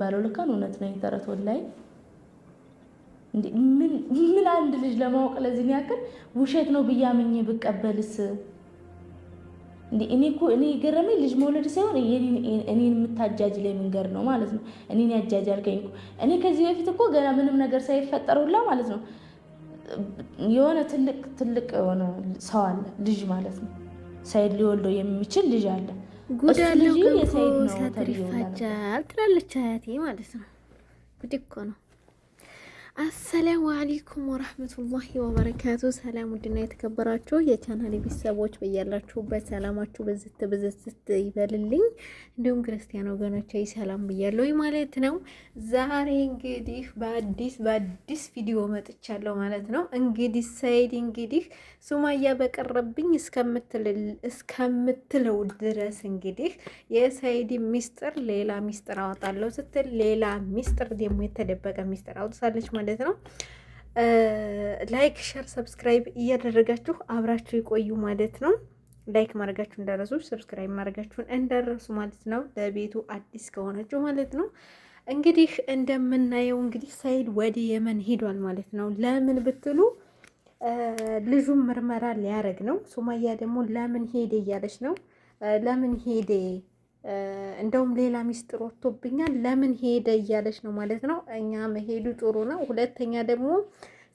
ባለው ልካን እውነት ነው ተረት ወላሂ ምን አንድ ልጅ ለማወቅ ለዚህ ያክል ውሸት ነው ብያምኝ ብቀበልስ? እኔ እኮ እኔ የገረመኝ ልጅ መውለድ ሳይሆን እኔን የምታጃጅ ላይ መንገር ነው ማለት ነው። እኔን ያጃጅ አልከኝ እኮ እኔ ከዚህ በፊት እኮ ገና ምንም ነገር ሳይፈጠር ሁላ ማለት ነው የሆነ ትልቅ ትልቅ የሆነ ሰው አለ ልጅ ማለት ነው ሳይድ ሊወልደው የሚችል ልጅ አለ ጉድ ግን ገንፎ ሳትር ይፋጃል ትላለች አያቴ ማለት ነው። ጉድ እኮ ነው። አሰላሙ አለይኩም ወራህመቱላሂ ወበረካቱ። ሰላም ውድና የተከበራችሁ የቻናል ቤተሰቦች በያላችሁበት ሰላማችሁ በዝት በዝት ይበልልኝ። እንዲሁም ክርስቲያን ወገኖቼ ሰላም ብያለሁ ማለት ነው። ዛሬ እንግዲህ በአዲስ በአዲስ ቪዲዮ መጥቻለሁ ማለት ነው። እንግዲህ ሰይድ እንግዲህ ሱማያ በቀረብኝ እስከምትለው ድረስ እንግዲህ የሰይድ ሚስጥር ሌላ ሚስጥር አወጣለሁ ስትል ሌላ ሚስጥር ደግሞ የተደበቀ ሚስጥር አውጥታለች ማለት ማለት ነው። ላይክ፣ ሸር፣ ሰብስክራይብ እያደረጋችሁ አብራችሁ ይቆዩ ማለት ነው። ላይክ ማድረጋችሁ እንዳረሱ ሰብስክራይብ ማድረጋችሁን እንዳረሱ ማለት ነው። ለቤቱ አዲስ ከሆነችው ማለት ነው። እንግዲህ እንደምናየው እንግዲህ ሰኢድ ወደ የመን ሄዷል ማለት ነው። ለምን ብትሉ ልጁም ምርመራ ሊያደርግ ነው። ሱማያ ደግሞ ለምን ሄደ እያለች ነው። ለምን ሄደ እንደውም ሌላ ሚስጥር ወጥቶብኛል፣ ለምን ሄደ እያለች ነው ማለት ነው። እኛ መሄዱ ጥሩ ነው። ሁለተኛ ደግሞ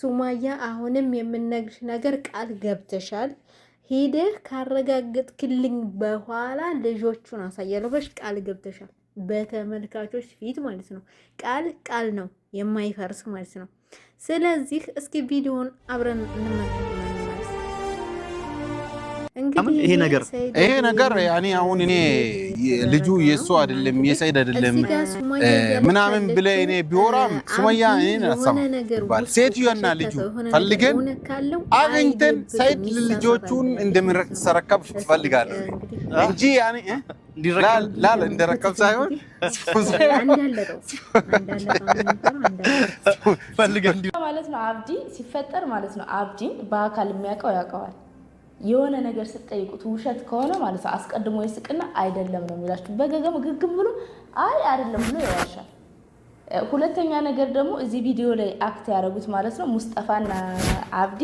ሱማያ አሁንም የምነግርሽ ነገር ቃል ገብተሻል ሄደህ ካረጋገጥክልኝ በኋላ ልጆቹን አሳያለሁ በሽ ቃል ገብተሻል። በተመልካቾች ፊት ማለት ነው። ቃል ቃል ነው የማይፈርስ ማለት ነው። ስለዚህ እስኪ ቪዲዮውን አብረን እንመለከት። ይሄ ነገር ይሄ ነገር ያኔ አሁን እኔ ልጁ የእሱ አይደለም የሰይድ አይደለም ምናምን ብለ እኔ ቢወራም ሱመያ እኔን አትሰማም። ሴትዮና ልጁ ፈልገን አግኝተን ሰይድ ልጆቹን እንደምንሰረከብ ትፈልጋለህ እንጂ ያኔ ላል እንደረከብ ሳይሆን ፈልገን ማለት ነው። አብዲ ሲፈጠር ማለት ነው። አብዲን በአካል የሚያውቀው ያውቀዋል የሆነ ነገር ስጠይቁት ውሸት ከሆነ ማለት ነው አስቀድሞ ይስቅና አይደለም ነው የሚላችሁ። በገገም ግግም ብሎ አይ አይደለም ብሎ ይዋሻል። ሁለተኛ ነገር ደግሞ እዚህ ቪዲዮ ላይ አክት ያደረጉት ማለት ነው ሙስጠፋና አብዲ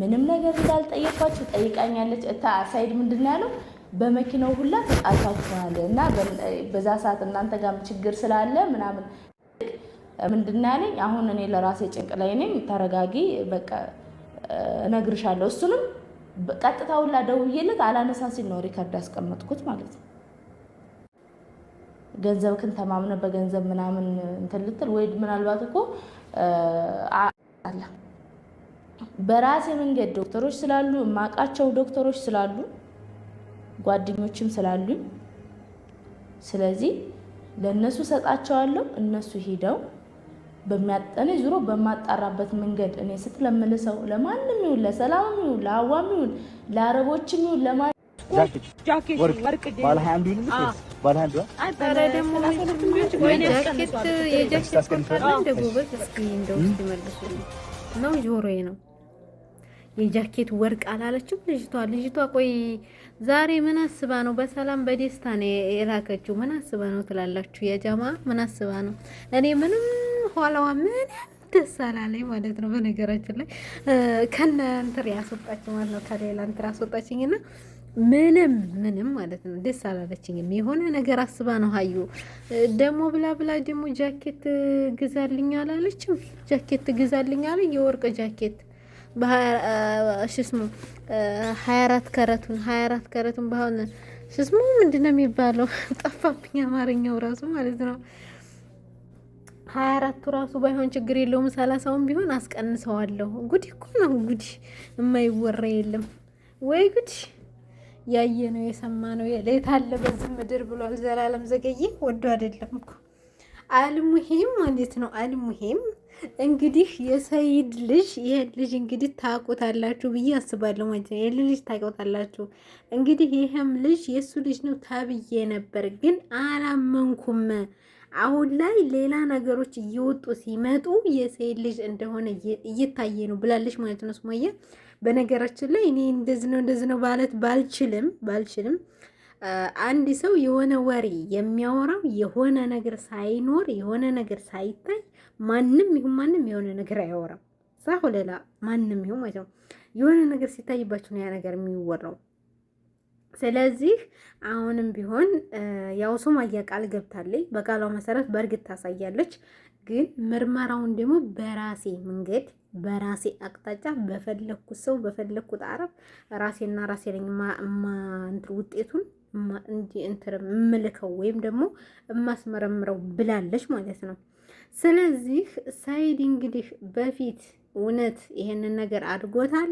ምንም ነገር እንዳልጠየኳቸው ጠይቃኛለች። እታ ሳይድ ምንድን ያለው? በመኪናው ሁላ ተጣልታችኋል እና በዛ ሰዓት እናንተ ጋር ችግር ስላለ ምናምን ምንድን ያለኝ? አሁን እኔ ለራሴ ጭንቅ ላይ ነኝ። ተረጋጊ፣ በቃ እነግርሻለሁ እሱንም ቀጥታውን ላደውዬልህ አላነሳ ሲል ነው ሪከርድ ያስቀመጥኩት ማለት ነው። ገንዘብክን ተማምነ በገንዘብ ምናምን እንትን ልትል ወይ ምናልባት እኮ አለ በራሴ መንገድ ዶክተሮች ስላሉ የማውቃቸው ዶክተሮች ስላሉ ጓደኞችም ስላሉኝ፣ ስለዚህ ለእነሱ ሰጣቸዋለሁ። እነሱ ሂደው በሚያጠኔ ዙሮ በማጣራበት መንገድ እኔ ስትለምልሰው ለማንም ይሁን ለሰላምም ይሁን ለአዋም ይሁን ለአረቦችም ይሁን ለማን ነው ጆሮዬ ነው የጃኬት ወርቅ አላለችም ልጅቷ። ልጅቷ ቆይ ዛሬ ምን አስባ ነው? በሰላም በደስታ ነው የላከችው። ምን አስባ ነው ትላላችሁ? የጀማ ምን አስባ ነው? እኔ ምንም ከኋላዋ ምን ደስ አላለኝ ማለት ነው። በነገራችን ላይ ከነ እንትን ያስወጣች ማለት ነው። ከሌላ እንትን ያስወጣችኝና ምንም ምንም ማለት ነው ደስ አላለችኝም። የሆነ ነገር አስባ ነው ሀዩ ደግሞ ብላ ብላ ደግሞ ጃኬት ግዛልኝ አላለችም። ጃኬት ግዛልኝ አለ የወርቅ ጃኬት ሽስሙ ሀያ አራት ከረቱን ሀያ አራት ከረቱን በሆነ ሽስሙ ምንድን ነው የሚባለው? ጠፋብኝ አማርኛው ራሱ ማለት ነው ሀያ አራቱ ራሱ ባይሆን ችግር የለውም ሰላሳውን ቢሆን አስቀንሰዋለሁ። ጉድ እኮ ነው ጉድ፣ የማይወራ የለም ወይ ጉድ። ያየ ነው የሰማ ነው የታለ በዚህ ምድር ብሏል ዘላለም ዘገየ። ወዶ አይደለም እኮ አልሙሂም ማለት ነው። አልሙሂም እንግዲህ የሰይድ ልጅ ይህ ልጅ እንግዲህ ታውቁታላችሁ ብዬ አስባለሁ ማለት ነው። ይህ ልጅ ታውቁታላችሁ እንግዲህ ይህም ልጅ የእሱ ልጅ ነው ተብዬ ነበር፣ ግን አላመንኩም አሁን ላይ ሌላ ነገሮች እየወጡ ሲመጡ የሴት ልጅ እንደሆነ እየታየ ነው ብላለች ማለት ነው ሱመያ። በነገራችን ላይ እኔ እንደዚህ ነው እንደዚህ ነው ማለት ባልችልም ባልችልም አንድ ሰው የሆነ ወሬ የሚያወራው የሆነ ነገር ሳይኖር የሆነ ነገር ሳይታይ ማንም ይሁን ማንም የሆነ ነገር አያወራም። ሳ ማንም ይሁን ማለት ነው የሆነ ነገር ሲታይባቸው ነው ያ ነገር የሚወራው ስለዚህ አሁንም ቢሆን ያው ሱመያ ቃል ገብታለች። በቃሏ መሰረት በእርግጥ ታሳያለች። ግን ምርመራውን ደግሞ በራሴ መንገድ በራሴ አቅጣጫ በፈለግኩት ሰው በፈለግኩት አረብ ራሴና ራሴ ነኝ ውጤቱን እንትን የምልከው ወይም ደግሞ የማስመረምረው ብላለች ማለት ነው። ስለዚህ ሳይድ እንግዲህ በፊት እውነት ይሄንን ነገር አድርጎታል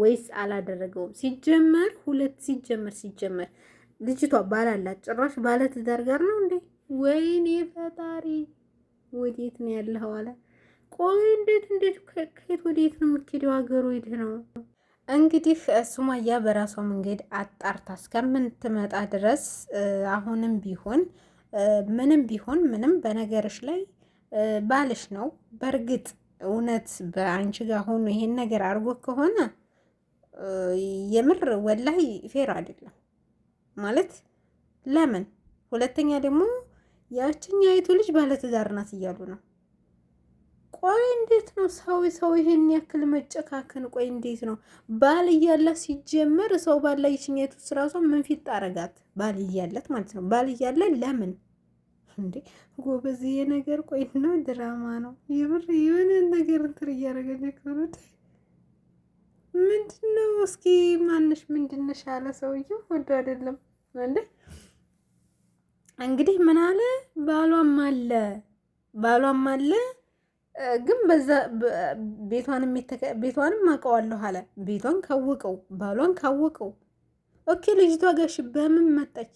ወይስ አላደረገውም? ሲጀመር ሁለት ሲጀመር ሲጀመር ልጅቷ ባል አላት፣ ጭራሽ ባለ ትዳር ጋር ነው እንዴ? ወይኔ ፈጣሪ ወዴት ነው ያለኸው? አለ ቆይ፣ እንዴት እንዴት ከየት ወዴት ነው የምትሄደው? ሀገሩ ሄደህ ነው እንግዲህ ሱማያ በራሷ መንገድ አጣርታ እስከምትመጣ ድረስ አሁንም ቢሆን ምንም ቢሆን ምንም በነገርሽ ላይ ባልሽ ነው። በእርግጥ እውነት በአንቺ ጋር ሆኖ ይሄን ነገር አድርጎ ከሆነ የምር ወላሂ ፌር አይደለም ማለት ለምን? ሁለተኛ ደግሞ አይቱ ልጅ ባለትዳር ናት እያሉ ነው። ቆይ እንዴት ነው ሰው ሰው ይሄን ያክል መጨካከን? ቆይ እንዴት ነው ባል እያላት ሲጀመር ሰው ባል ባላ ይችኛይቱ ስራሷ ምን ፊት አረጋት? ባል እያላት ማለት ነው። ባል እያላት ለምን እንዴ ጎበዝ! ይሄ ነገር ቆይ ነው ድራማ ነው የምር የሆነ ነገር እንትን እያደረገች ምንድን ነው እስኪ ማንሽ ምንድንሽ አለ ሰውዬው። ወዶ አይደለም እንዴ እንግዲህ ምን አለ ባሏም አለ ባሏም አለ ግን በዛ ቤቷንም ቤቷንም አውቀዋለሁ አለ። ቤቷን ካወቀው ባሏን ካወቀው ኦኬ ልጅቷ ጋሽ በምን መጣች?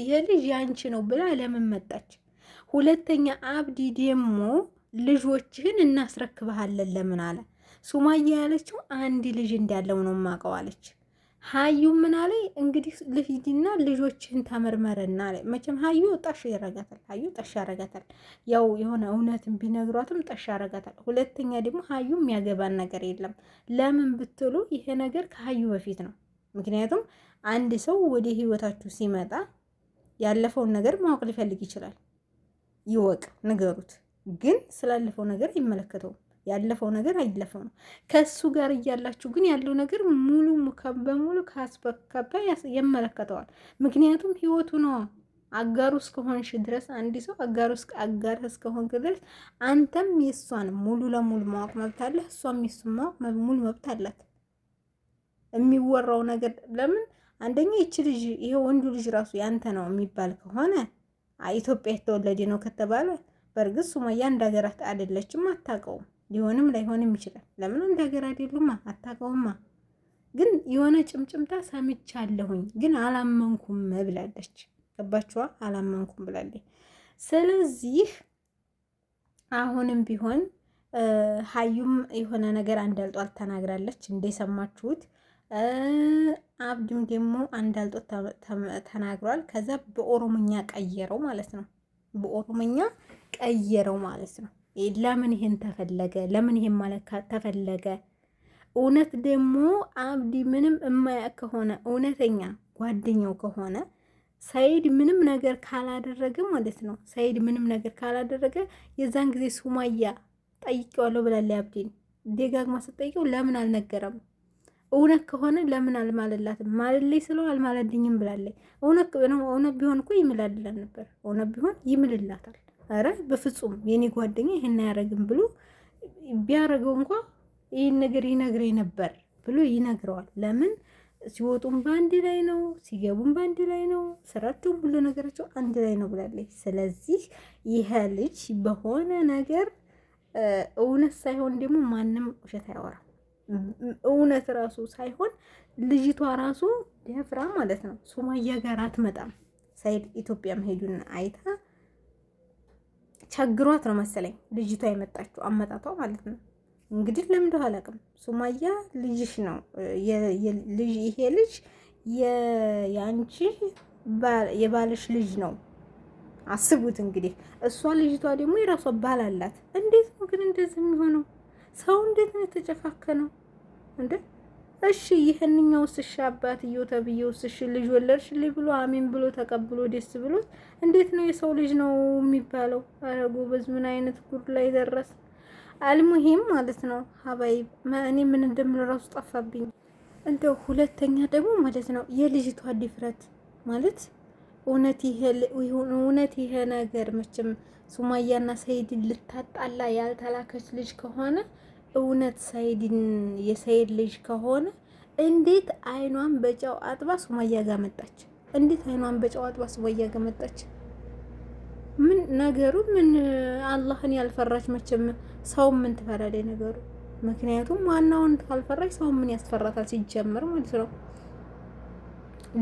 ይሄ ልጅ ያንቺ ነው ብላ ለምን መጣች? ሁለተኛ አብዲ ደግሞ ልጆችህን እናስረክብሃለን ለምን አለ ሱማያ ያለችው አንድ ልጅ እንዳለው ነው የማውቀው አለች። ሀዩ ምን አለ እንግዲህ ልሂድና ልጆችህን ተመርመርና አለ። መቼም ሀዩ ጠሽ ያረጋታል። ሀዩ ጠሽ ያረጋታል። ያው የሆነ እውነትን ቢነግሯትም ጠሽ ያረጋታል። ሁለተኛ ደግሞ ሀዩ የሚያገባን ነገር የለም። ለምን ብትሉ ይሄ ነገር ከሀዩ በፊት ነው። ምክንያቱም አንድ ሰው ወደ ህይወታችሁ ሲመጣ ያለፈውን ነገር ማወቅ ሊፈልግ ይችላል። ይወቅ፣ ንገሩት። ግን ስላለፈው ነገር ይመለከተው ያለፈው ነገር አይለፈው ነው። ከእሱ ጋር እያላችሁ ግን ያለው ነገር ሙሉ በሙሉ ካስበከበ ይመለከተዋል። ምክንያቱም ህይወቱ ነው። አጋሩ እስከሆንሽ ድረስ አንድ ሰው አጋሩ አጋር እስከሆንክ ድረስ አንተም የእሷን ሙሉ ለሙሉ ማወቅ መብት አለ፣ እሷም የሱን ማወቅ ሙሉ መብት አላት። የሚወራው ነገር ለምን አንደኛ ይቺ ልጅ ይሄ ወንዱ ልጅ ራሱ ያንተ ነው የሚባል ከሆነ ኢትዮጵያ የተወለደ ነው ከተባለ በእርግጥ ሱማያ እንደ ሀገራት አይደለችም፣ አታውቀውም። ሊሆንም ላይሆንም ይችላል። ለምን እንደ ሀገር አይደሉማ አታውቀውማ። ግን የሆነ ጭምጭምታ ሰምቻለሁኝ ግን አላመንኩም ብላለች። ገባችኋ? አላመንኩም ብላለች። ስለዚህ አሁንም ቢሆን ሀዩም የሆነ ነገር አንዳልጧል ተናግራለች፣ እንደሰማችሁት አብድም ደግሞ አንዳልጦ ተናግሯል። ከዛ በኦሮሞኛ ቀየረው ማለት ነው። በኦሮሞኛ ቀየረው ማለት ነው። ለምን ይሄን ተፈለገ? ለምን ይሄን ማለት ተፈለገ? እውነት ደግሞ አብዲ ምንም እማያቅ ከሆነ እውነተኛ ጓደኛው ከሆነ ሰይድ ምንም ነገር ካላደረገ ማለት ነው። ሰይድ ምንም ነገር ካላደረገ የዛን ጊዜ ሱማያ ጠይቀዋለሁ ብላለች። አብዲን ደጋግማ ስጠይቀው ለምን አልነገረም? እውነት ከሆነ ለምን አልማለላትም? ማለልኝ ስለው አልማለልኝም ብላለች። እውነት ቢሆን እኮ ይምላልላት ነበር። እውነት ቢሆን ይምልላታል። ኧረ በፍጹም የኔ ጓደኛ ይህን አያረግም ብሎ ቢያረገው እንኳ ይህን ነገር ይነግረኝ ነበር ብሎ ይነግረዋል። ለምን ሲወጡም በአንድ ላይ ነው፣ ሲገቡም በአንድ ላይ ነው፣ ስራቸውም ሁሉ ነገራቸው አንድ ላይ ነው ብላለች። ስለዚህ ይሄ ልጅ በሆነ ነገር እውነት ሳይሆን ደግሞ ማንም ውሸት አያወራም። እውነት ራሱ ሳይሆን ልጅቷ ራሱ ደፍራ ማለት ነው ሱማያ ጋር አትመጣም። ሳይድ ኢትዮጵያ መሄዱን አይታ ቸግሯት ነው መሰለኝ ልጅቷ የመጣችው አመጣቷ ማለት ነው። እንግዲህ ለምን አላውቅም። ሱማያ ልጅሽ ነው ይሄ ልጅ የአንቺ የባልሽ ልጅ ነው። አስቡት እንግዲህ እሷ ልጅቷ ደግሞ የራሷ ባል አላት። እንዴት ነው ግን እንደዚህ የሚሆነው? ሰው እንዴት ነው የተጨፋከነው እንዴ? እሺ ይህንኛው ስሽ አባትዮ ተብዬው ስሽ ልጅ ወለድሽልኝ ብሎ አሜን ብሎ ተቀብሎ ደስ ብሎት እንዴት ነው የሰው ልጅ ነው የሚባለው? ኧረ ጎበዝ ምን አይነት ጉድ ላይ ደረስ። አልሙሂም ማለት ነው ሀባይ እኔ ምን እንደምል እራሱ ጠፋብኝ። እንደው ሁለተኛ ደግሞ ማለት ነው የልጅቷ ድፍረት ማለት እውነት ይሄ ነገር መቼም ሱማያና ሰይድን ልታጣላ ያልተላከች ልጅ ከሆነ እውነት ሰይድን የሰይድ ልጅ ከሆነ እንዴት አይኗን በጨው አጥባ ሱማያ ጋር መጣች? እንዴት አይኗን በጨው አጥባ ሱማያ ጋር መጣች? ምን ነገሩ? ምን አላህን ያልፈራች መቼም ሰው ምን ትፈራለች ነገሩ። ምክንያቱም ዋናውን ካልፈራች ሰው ምን ያስፈራታል ሲጀመር ማለት ነው።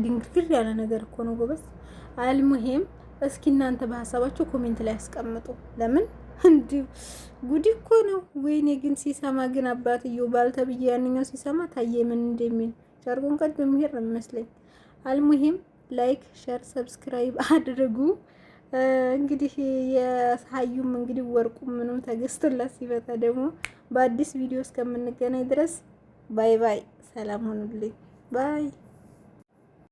ድንግርግር ያለ ነገር እኮ ነው ጎበዝ። አልሙሄም እስኪ እናንተ በሀሳባችሁ ኮሜንት ላይ ያስቀምጡ። ለምን እንዲሁ ጉድ እኮ ነው። ወይኔ ግን ሲሰማ ግን አባትየው ባልተብዬ ያንኛው ሲሰማ ታየ ምን እንደሚል ጨርቁን ቀድ በሚሄድ ነው የሚመስለኝ። አልሙሂም ላይክ፣ ሸር፣ ሰብስክራይብ አድርጉ። እንግዲህ የሳዩም እንግዲህ ወርቁ ምንም ተገዝቶላት ሲመጣ ደግሞ በአዲስ ቪዲዮ እስከምንገናኝ ድረስ ባይ ባይ፣ ሰላም ሆኑልኝ ባይ